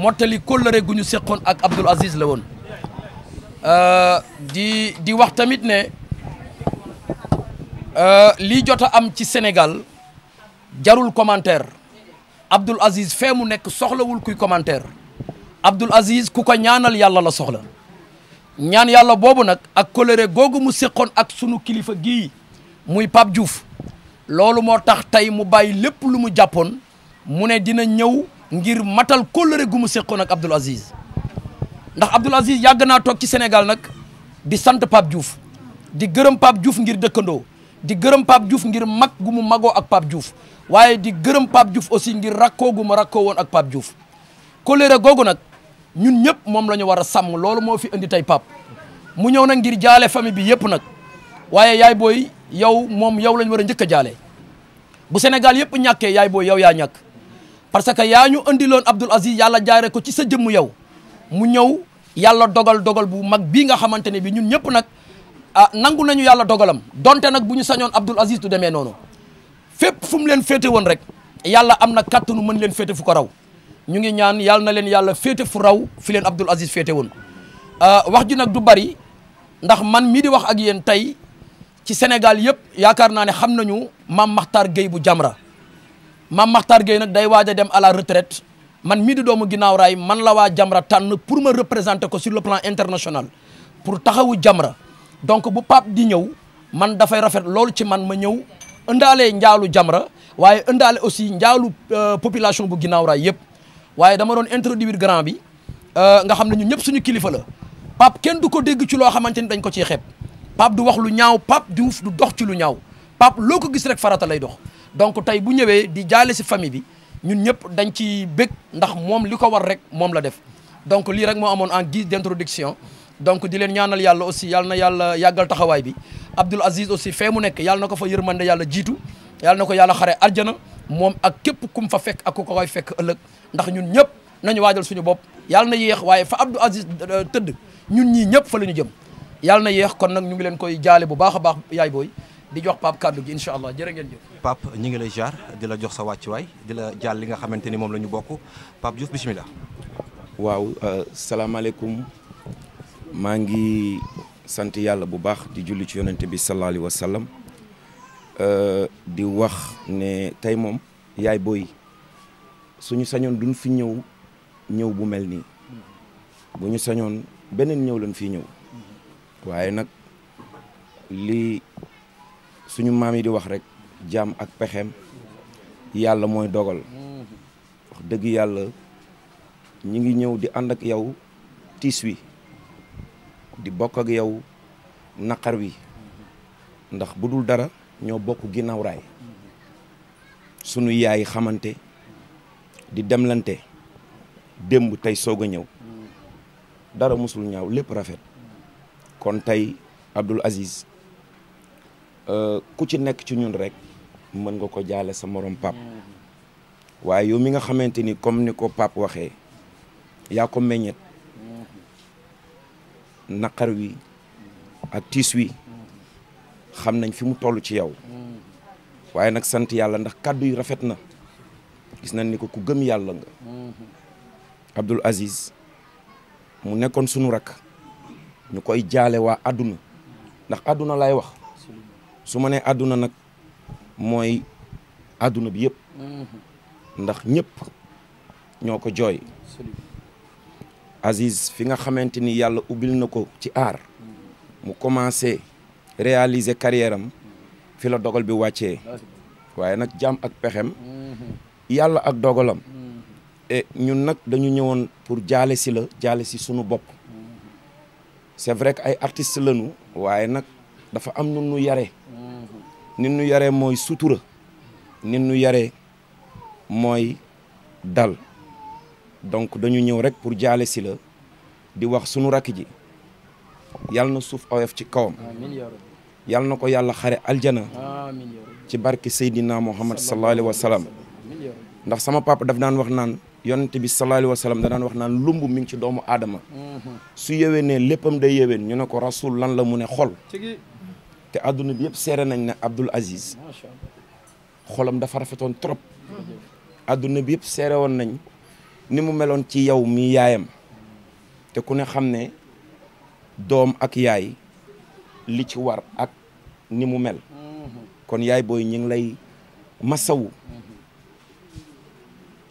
mottali kóllëre gu ñu seqoon ak Abdoul Aziz la woon euh, di di wax tamit ne euh, lii jot a am ci Sénégal jarul commentaire Abdoul Aziz fee mu nekk soxlawul kuy commentaire Abdoul Aziz ku ko ñaanal yàlla la soxla ñaan yàlla boobu nag ak kóllëre googu mu seqoon ak sunu kilifa gii muy Pape juuf loolu moo tax tey mu bàyyi lépp lu mu jàppoon mu ne dina ñëw. ngir matal kóllëre gu mu nag ak Abdoul Aziz ndax Abdoul Aziz yàgg naa toog ci Sénégal nag di sant Pape Diouf di gërëm Pape Diouf ngir dëkkandoo di gërëm Pape Diouf ngir mag gu mu magoo ak Pape Diouf waaye di gërëm Pape Diouf aussi ngir rakkoo gu ma rakkoo woon ak Pape Diouf kóllëre googu nag ñun ñëpp moom la ñu war a sàmm loolu moo fi indi tey Pape mu ñëw nag ngir jaale famille bi yëpp nag waaye yaay booy yow moom yow lañ war a njëkk a jaale bu Sénégal yëpp ñàkkee yaay booy yow yaa ñàkk parce que yaa ñu andiloon Abdoul Aziz yàlla jaare ko ci sa jëmm yow mu ñëw yàlla dogal dogal bu mag bii nga xamante ne bi ñun ñëpp nag ah nangu nañu yàlla dogalam donte nag bu ñu sañoon Abdoul Aziz du demee noonu fépp fu leen féete woon rek yàlla am na kàttanu mën leen féete fu ko raw ñu ngi ñaan yàlla na leen yàlla féete fu raw fi leen Abdoul Aziz féete woon ah, wax ji nag du bari ndax man mii di wax ak yéen tey ci Sénégal yëpp yaakaar naa ne xam nañu maam Makhtar Gueye bu Jamra maam Makhtar Gueye nag day waaj a dem à la retraite man mii di doomu ginnaaw raay man la waa Jamra tànn pour ma représenter ko sur le plan international pour taxawu Jamra donc bu Pape di ñëw man dafay rafet loolu ci man ma ñëw ëndaale njaalu Jamra waaye ëndaale aussi njaalu euh, population bu ginnaaw raay yëpp waaye dama doon introduire grand bi euh, nga xam ne ñun ñëpp suñu kilifa la Pape kenn du ko dégg ci loo xamante ni dañ ko ciy xeeb Pape du wax lu ñaaw pap Diouf du dox ci lu ñaaw Pape loo ko gis rek farata lay dox donc tey bu ñëwee di jaale si famille bi ñun ñëpp dañ ci bëgg ndax moom li ko war rek moom la def donc lii rek moo amoon en guise d'introduction donc di leen ñaanal yàlla aussi yàlla na yàlla yàggal taxawaay bi Abdoul Aziz aussi fee mu nekk yàlla na ko fa yërmande yàlla jiitu yàlla na ko yàlla xare arjana moom ak képp kum fa fekk ak ku ko way fekk ëllëg ndax ñun ñëpp nañu waajal suñu bopp yàlla na yéex waaye fa Abdou Aziz euh, tëdd ñun ñii ñëpp fa la ñu jëm yàll na yéex kon nag ñu ngi leen koy jaale bu baax a baax yaay booy di jox Pape kàddu gi incha allah jërë ngeen ñu ngi lay jaar di la jox sa wàcc waay di la jàll li nga xamante ni moom la bokk Pape Diouf bisimilah. waaw euh, salaamaaleykum maa ngi sant yàlla bu baax di julli ci yonente bi sallallahu alayhi sallam euh, di wax ne tey moom yaay booy suñu sañoon duñ fi ñëw ñëw bu mel nii bu sañoon beneen ñëw lañ fi ñëw waaye nag li suñu maam yi di wax rek jàmm ak pexeem yàlla mooy dogal wax dëgg yàlla ñi ngi ñëw di ànd ak yow tiis wi di bokk ak yow naqar wi ndax bu dul dara ñoo bokk ginnaaw raay sunu yaay xamante di demlante démb tey soog a ñëw dara musul ñaaw lépp rafet kon tey Abdoul Aziz Euh, ku ci nekk ci ñun rek mën nga ko jaale sa morom pap waaye yow mi nga xamante ni comme ni ko pap waxee yaa ko meññet naqar wi ak tiis wi xam nañ fi mu toll ci yow waaye nag sant yàlla ndax kàddu yi rafet na gis nañ ni ko ku gëm yàlla nga Abdoul Aziz mu nekkoon sunu rak ñu koy jaale waa àdduna ndax àdduna laay wax su ma nee adduna nag mooy adduna bi yëpp mm-hmm. ndax ñëpp ñoo ko jooy Aziz fi nga xamante ni yàlla ubbil na ko ci aar mm-hmm. mu commencé réaliser carrière fi la dogal bi wàccee waaye nag jàmm ak pexem mm-hmm. yàlla ak dogalam et ñun nag dañu ñëwoon pour jaale si la jaale si sunu bopp c'est vrai que ay artistes lañu waaye nag dafa am nun nu yare nit nu yare mooy sutura nit nu yare mooy dal donc dañu ñëw rek pour jaale si la di wax sunu rakk ji yàlla na suuf oyof ci kawam yàlla na ko yàlla xare aljana ci barke Seydina Muhammad sallallahu alayhi wa sallam ndax sama papa daf daan wax naan yonent bi sallallahu alayhi wa sallam daan wax naan lumb mi ngi ci doomu aadama mhm. su yéwénee léppam day yéwén ñu ne ko rasul lan la mu ne xol te àdduna bi yëpp seere nañ ne Abdoul Aziz xolam dafa rafetoon trop àdduna bi yëpp seere woon nañ ni mu meloon ci yow mi yaayam te ku ne xam ne doom ak yaay li ci war ak ni mu mel kon yaay booy ñu ngi lay masawu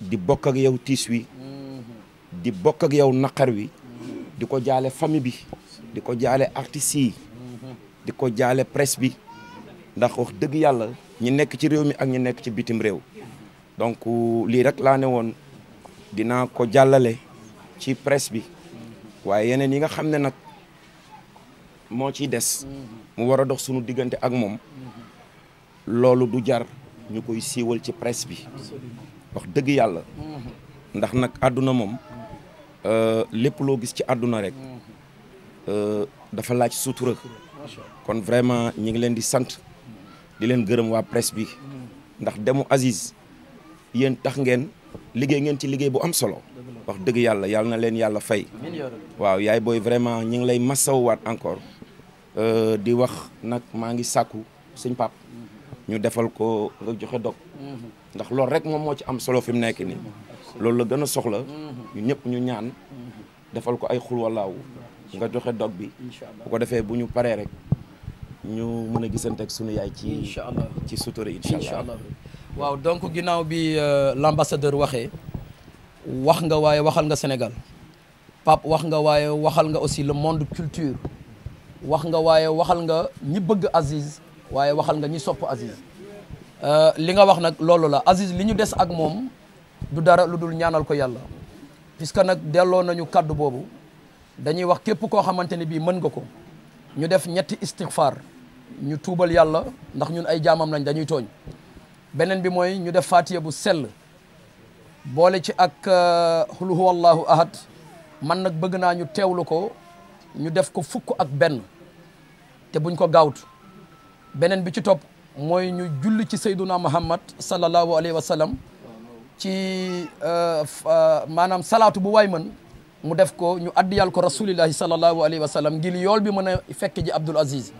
di bokk ak yow tiis wi di bokk ak yow naqar wi di ko jaale famille bi di ko jaale artistes di ko jaale presse bi ndax wax dëgg yàlla ñi nekk ci réew mi ak ñi nekk ci bitim réew donc lii rek laa ne woon dinaa ko jàllale ci presse bi waaye yeneen yi nga xam ne nag moo ciy des mu a dox sunu diggante ak moom loolu du jar ñu koy siiwal ci presse bi dëgg yàlla nag àdduna moom euh, lépp loo gis ci àdduna rek euh, dafa laaj sutura kon vraiment ñi ngi leen di sant di leen gërëm waa presse bi ndax demu Aziz yéen tax ngeen liggéey ngeen ci liggéey bu am solo wax dëgg yàlla yàlla na leen yàlla fay waaw yaay booy vraiment ñi ngi lay masawwaat encore euh, di wax nag maa ngi sàkku suñ pap ñu defal ko nga joxe dog ndax loolu rek moom moo ci am solo fi mu nekk nii loolu la gën a soxla mm-hmm. ñu ñëpp ñu ñaan mm-hmm. defal ko ay xul nga joxe dog bi bu ko defee bu ñu paree rek ñu mën a gisante ak sunu yaay ci incha allah ci sutura incha waaw donc ginnaaw bi euh, l'ambassadeur waxee wax nga waaye waxal nga Sénégal Pape wax nga waaye waxal nga aussi le monde culture wax nga waaye waxal nga ñi bëgg Aziz waaye waxal nga ñi sopp Aziz euh, li nga wax nag loolu la Aziz li ñu des ak moom du dara lu dul ñaanal ko yàlla puisque nag delloo nañu kàddu boobu dañuy wax képp koo xamante ne bii mën nga ko ñu def ñetti istighfar ñu tuubal yàlla ndax ñun ay jaamam lañ dañuy tooñ beneen bi mooy ñu def fatiya bu sell boole ci ak xul euh, huwa allahu ahad man nag bëgg naa ñu teewlu ko ñu def ko fukk ak benn te buñ ko gaawtu beneen bi ci topp mooy ñu julli ci sayduna muhammad sallallahu alayhi wa sallam ci euh, euh, maanaam salaatu bu waay mën mu def ko ñu addiyal ko rasulillahi sallallahu alayhi wa sallam ngir yool bi mën a fekk ji Abdul Aziz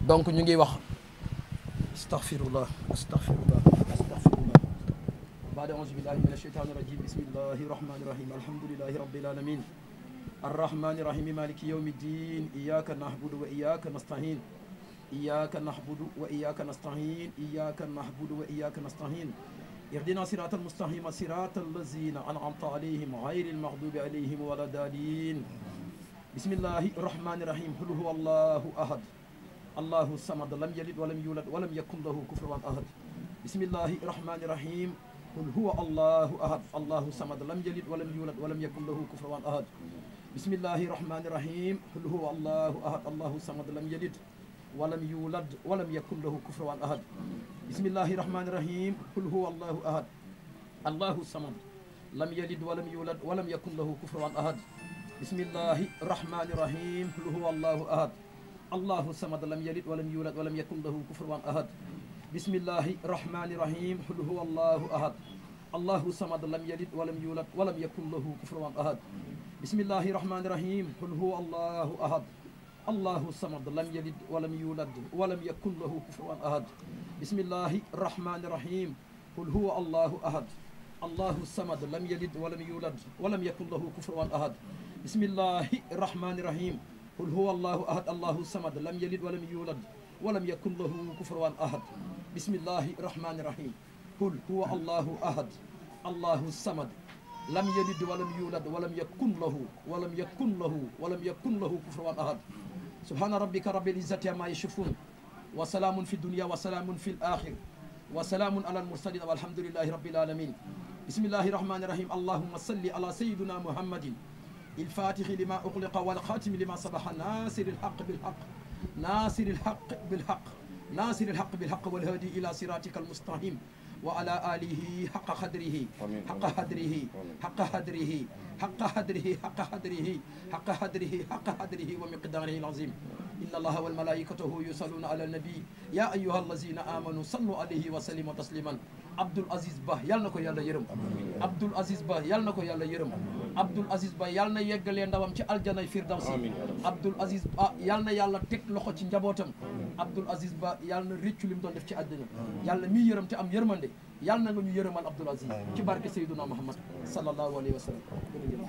donc ñu ngi wax astaghfirullah astaghfirullah astaghfirullah baada auzu billahi min ashaytani rajim bismillahi rahmani rahim alhamdulillahi rabbil alamin arrahmani rahim maliki yawmi ddin iyaka nahbudu wa iyaka nastahin iyaka nahbudu wa iyaka nastahin iyaka nahbudu wa iyaka nastahin ihdina sirata almustaqima sirata allazina an'amta alayhim ghayril maghdubi alayhim wala dalin bismillahi rahmani rahim qul huwa allahu ahad allahu samad lam yalid walam yulad walam yakun lahu kufuwan ahad bismillahi rahmani rahim qul huwa allahu ahad allahu samad lam yalid walam yulad walam yakun lahu kufuwan ahad bismillahi rahmani rahim qul huwa allahu ahad allahu samad lam yalid walam yulad walam yakun lahu kufuwan ahad bismillahi rahmaani rahim qul huwa allahu ahad allahu samad lam yalid walam yulad walam yakun lahu kufuwan ahad bismillahi rahmaani rahim qul huwa allahu ahad allahu samad lam yalid walam yulad walam yakun lahu kufuwan ahad bismillahi rahmaani rahim qul huwa allahu ahad allahu samad lam yalid walam yulad walam yakun lahu kufuwan ahad bismillahi rahmaani rahim qul huwa allahu ahad allahu samad lam yalid walam yulad walam yakun lahu kufuwan ahad bismillahi rahmani rahim qul huwa allahu ahad allahu samad lam yalid walam yulad walam yakun lahu kufuwan ahad bismillahi rahmani rahim qul huwa allahu ahad allahu samad lam yalid walam yulad walam yakun lahu kufuwan ahad bismillahi rahmani rahim qul huwa allahu ahad allahu samad lam yalid walam yulad walam yakun lahu walam yakun lahu walam yakun lahu kufuwan ahad subhana rabbika rabbil izzati amma yasifun wa salaamun fi dunya wa salaamun fi l-axir wa salaamun ala al-mursalin walhamdulillahi rabbil alamin bismillahi rahmani rahim allahumma salli ala sayyidina muhammadin الفاتح لما أغلق والخاتم لما سبح ناصر الحق بالحق ناصر الحق بالحق ناصر الحق بالحق والهادي إلى صراطك المستقيم وعلى آله حق قدره حق قدره حق قدره حق قدره حق قدره حق قدره حق قدره ومقداره العظيم إن الله والملائكته يصلون على النبي يا أيها الذين آمنوا صلوا عليه وسلموا تسليما Abdoul Aziz Ba yal na ko yàlla yërëm Abdoul Aziz Ba yal na ko yàlla yërëm Abdoul Aziz Ba yal na yeggalee ndawam ci aljanay firdawsi Abdoul Aziz Ba yal na yàlla teg loxo ci njabootam Abdoul Aziz Ba yàlla na réccu li mu doon def ci àddina yàlla miy yërëm te am yërmande yàlla na nga ñu yërëmal Abdoul Aziz ci barke Seydina Muhammad sallallahu alayhi wa sallam